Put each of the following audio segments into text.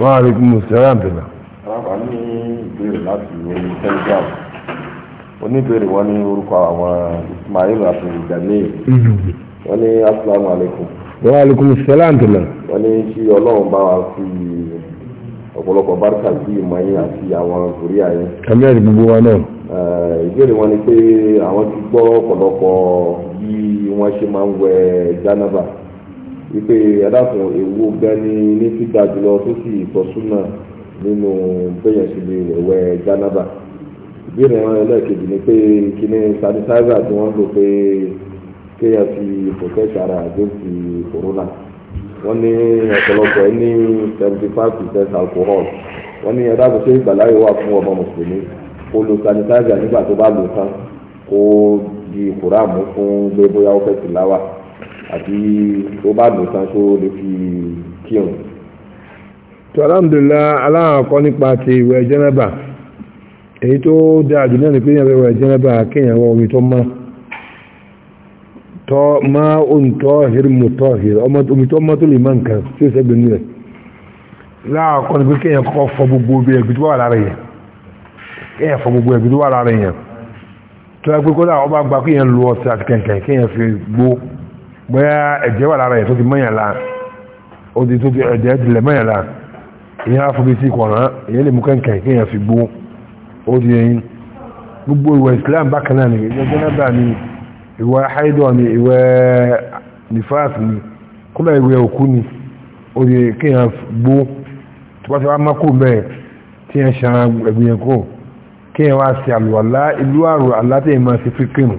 wa á rí kí mùsùlùmí àbẹ̀là. alábàá ní ìbéèrè láti orí telegram oníbèrè wọn ní orúkọ àwọn ismail àti ìjàlẹ̀ wọ́n ní asalaamu alaykum. wọ́n á rí kí mùsùlùmí àbẹ̀là. wọ́n ní bá wa fi ọ̀pọ̀lọpọ̀ bárkà sí ìmọ̀ yín àti àwọn kòríà yín. kàmí ẹ̀rí gbogbo wa náà. Eh, ìbéèrè wọn ni pé àwọn ti gbọ́ ọ̀pọ̀lọpọ̀ bí wọ́n ṣe máa ń wẹ jánábà wípé adákùn èwo gan ni ní gbígbà jùlọ tó sì tọ́súnà nínú bẹ́yẹn sì lè wẹ̀ jánábà ìbéèrè wọn ẹlẹ́ẹ̀kejì ni pé kíní sanitizer tí wọ́n lò pé kéèyàn fi protect ara àgbẹ̀sì corona wọ́n ní ọ̀pọ̀lọpọ̀ ẹ̀ ní seventy five percent alcohol wọ́n ní ẹ̀dá àbùsẹ́ ìgbàláyè wà fún ọmọ mùsùlùmí kó lo sanitizer nígbà tó bá lò tán kó di kùràmù fún gbé bóyá ó fẹ́ tìláwà àti ó bá dùn tán tó lè fi kírun. tó alhamdulillah aláàkọ́ nípa ti ìwẹ̀ jẹ́nẹ́bà èyí tó dáa jù náà ni pé ìwẹ̀ jẹ́nẹ́bà kéèyàn wọ omi tó mọ́ tọ́ má oun tọ́ hìrì mú tọ́ hìrì omi tó mọ́ tó lè má nǹkan tí ó sẹ́gbẹ̀ ní rẹ̀ láàkọ́ ni pé kéèyàn kọ́kọ́ fọ gbogbo ibi ẹ̀gbẹ́ tó wà lára yẹn kéèyàn fọ gbogbo ẹ̀gbẹ́ tó wà lára yẹn tó yẹ pé kódà ọba gba kéèyàn lu ọtí àti kẹ̀kẹ́ kéèyàn fi gbó bóyá ẹ̀jẹ̀ wà lára ẹ̀ tó ti mọ́yàn la ó ti tó ti ẹ̀jẹ̀ tilẹ̀ mọ́yàn la ìyẹn afọ́bí sí kọ̀ọ̀rán ìyẹn lè mú kẹ́kẹ́ kéèyàn fi gbó ó di gbogbo ìwẹ̀ Islam bákan ni ìwẹ̀ jẹ́nàbà ni ìwẹ̀ haidọ̀ ni ìwẹ̀ nifas ni kúlọ̀ ìwẹ̀ òkú ni ó di kéèyàn gbó tó bá ti wá mọ́kò bẹ́ẹ̀ tí yẹn ṣan ẹ̀gbìyànkó kéèyàn wá sí àlùwàlá ìlú àrò àlátẹ̀yìn máa fi fi kírun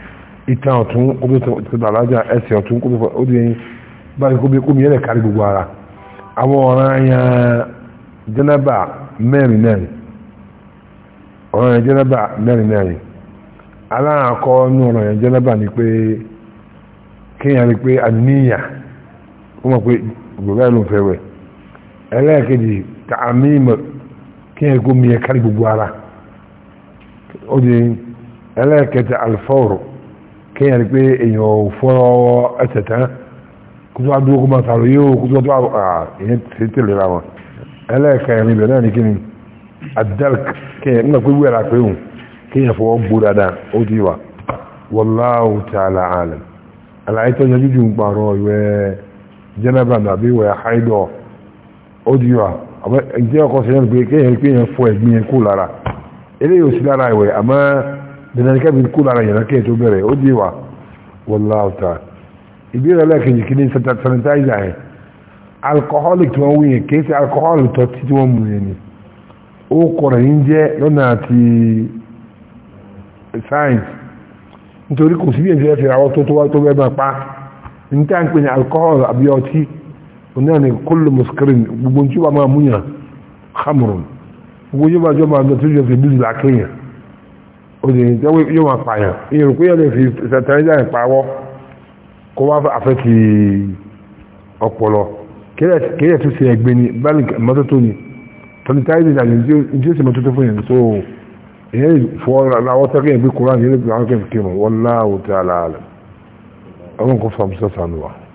ìtàn ọ̀tún kóbi tẹ̀lé ẹsẹ̀ ọ̀tún kóbi ọdún yẹn báyìí kóbi kóbi yẹn kárí gbogbo ara àwọn ọ̀ràn yẹn jẹ́nẹ́bà mẹ́rin mẹ́rin ọ̀ràn yẹn jẹ́nẹ́bà mẹ́rin mẹ́rin ní ọ̀ràn jẹ́nẹ́bà ni pé kéèyàn rí pé àníyà ó mọ̀ pé gbogbo ẹ̀ ló ń fẹ́ wẹ̀ ẹlẹ́ẹ̀kejì tààmì mọ̀ kéèyàn kárí gbogbo ara ó di ẹlẹ́ẹ̀kẹta alfọ́ọ̀rọ̀ kéèyàn rí pé èèyàn ò fọ́rọ́ ẹsẹ̀ tán kó tó wá kó máa sàrò yóò kó tó wá tó wá èèyàn tèlè ra wọn ibẹ̀ náà ní kí ni nígbà pé wíwẹ̀ la pé òun fọwọ́ gbó dáadáa ó ti wà wallahu ta'ala àlàyé tó ju àbí ó ti wà dandan kẹ́bi kú lára yàrá kí ètò bẹ̀rẹ̀ ó díwà wọláwọ̀ta ìbílẹ̀ lẹ́kẹ̀jì kí ní sanitizer ẹ̀ alcoholic tí wọ́n wúyẹ̀ kìí sí alcoholic tó tí tí wọ́n mú yẹn ni ó kọ̀rọ̀ yín jẹ́ lọ́nà àti science nítorí kò sí bí ẹ̀jẹ̀ fi àwọn tó tó wá tó bẹ́ẹ̀ máa pa ní tá à ń pè ní alcohol àbí ọtí òun náà ni kúlù mùsùkìrìn gbogbo tí wọ́n máa múyàn hamrun gbogbo yóò bá jọ máa lọ tó jọ obìnrin tí yóò máa pààyàn ìyẹn rò pé yóò lè fi sẹtẹrẹjà yẹn pawọ́ kó wá àfẹ́tì ọpọlọ kéèyàn tó ṣe ẹgbẹ́ ni báyìí mọ́tótó ni sanitizer àti ní tí ó ṣe mọ́tótó fún yẹn so ìyẹn fọ́ làwọn tẹ́kẹ́ yẹn bí kúrò àti ìyẹn lè fi àwọn kẹ́kẹ́ mọ̀ wọ́n láwùjọ àlàálẹ̀ ọlọ́run kò fà mí sọ́sàn wa.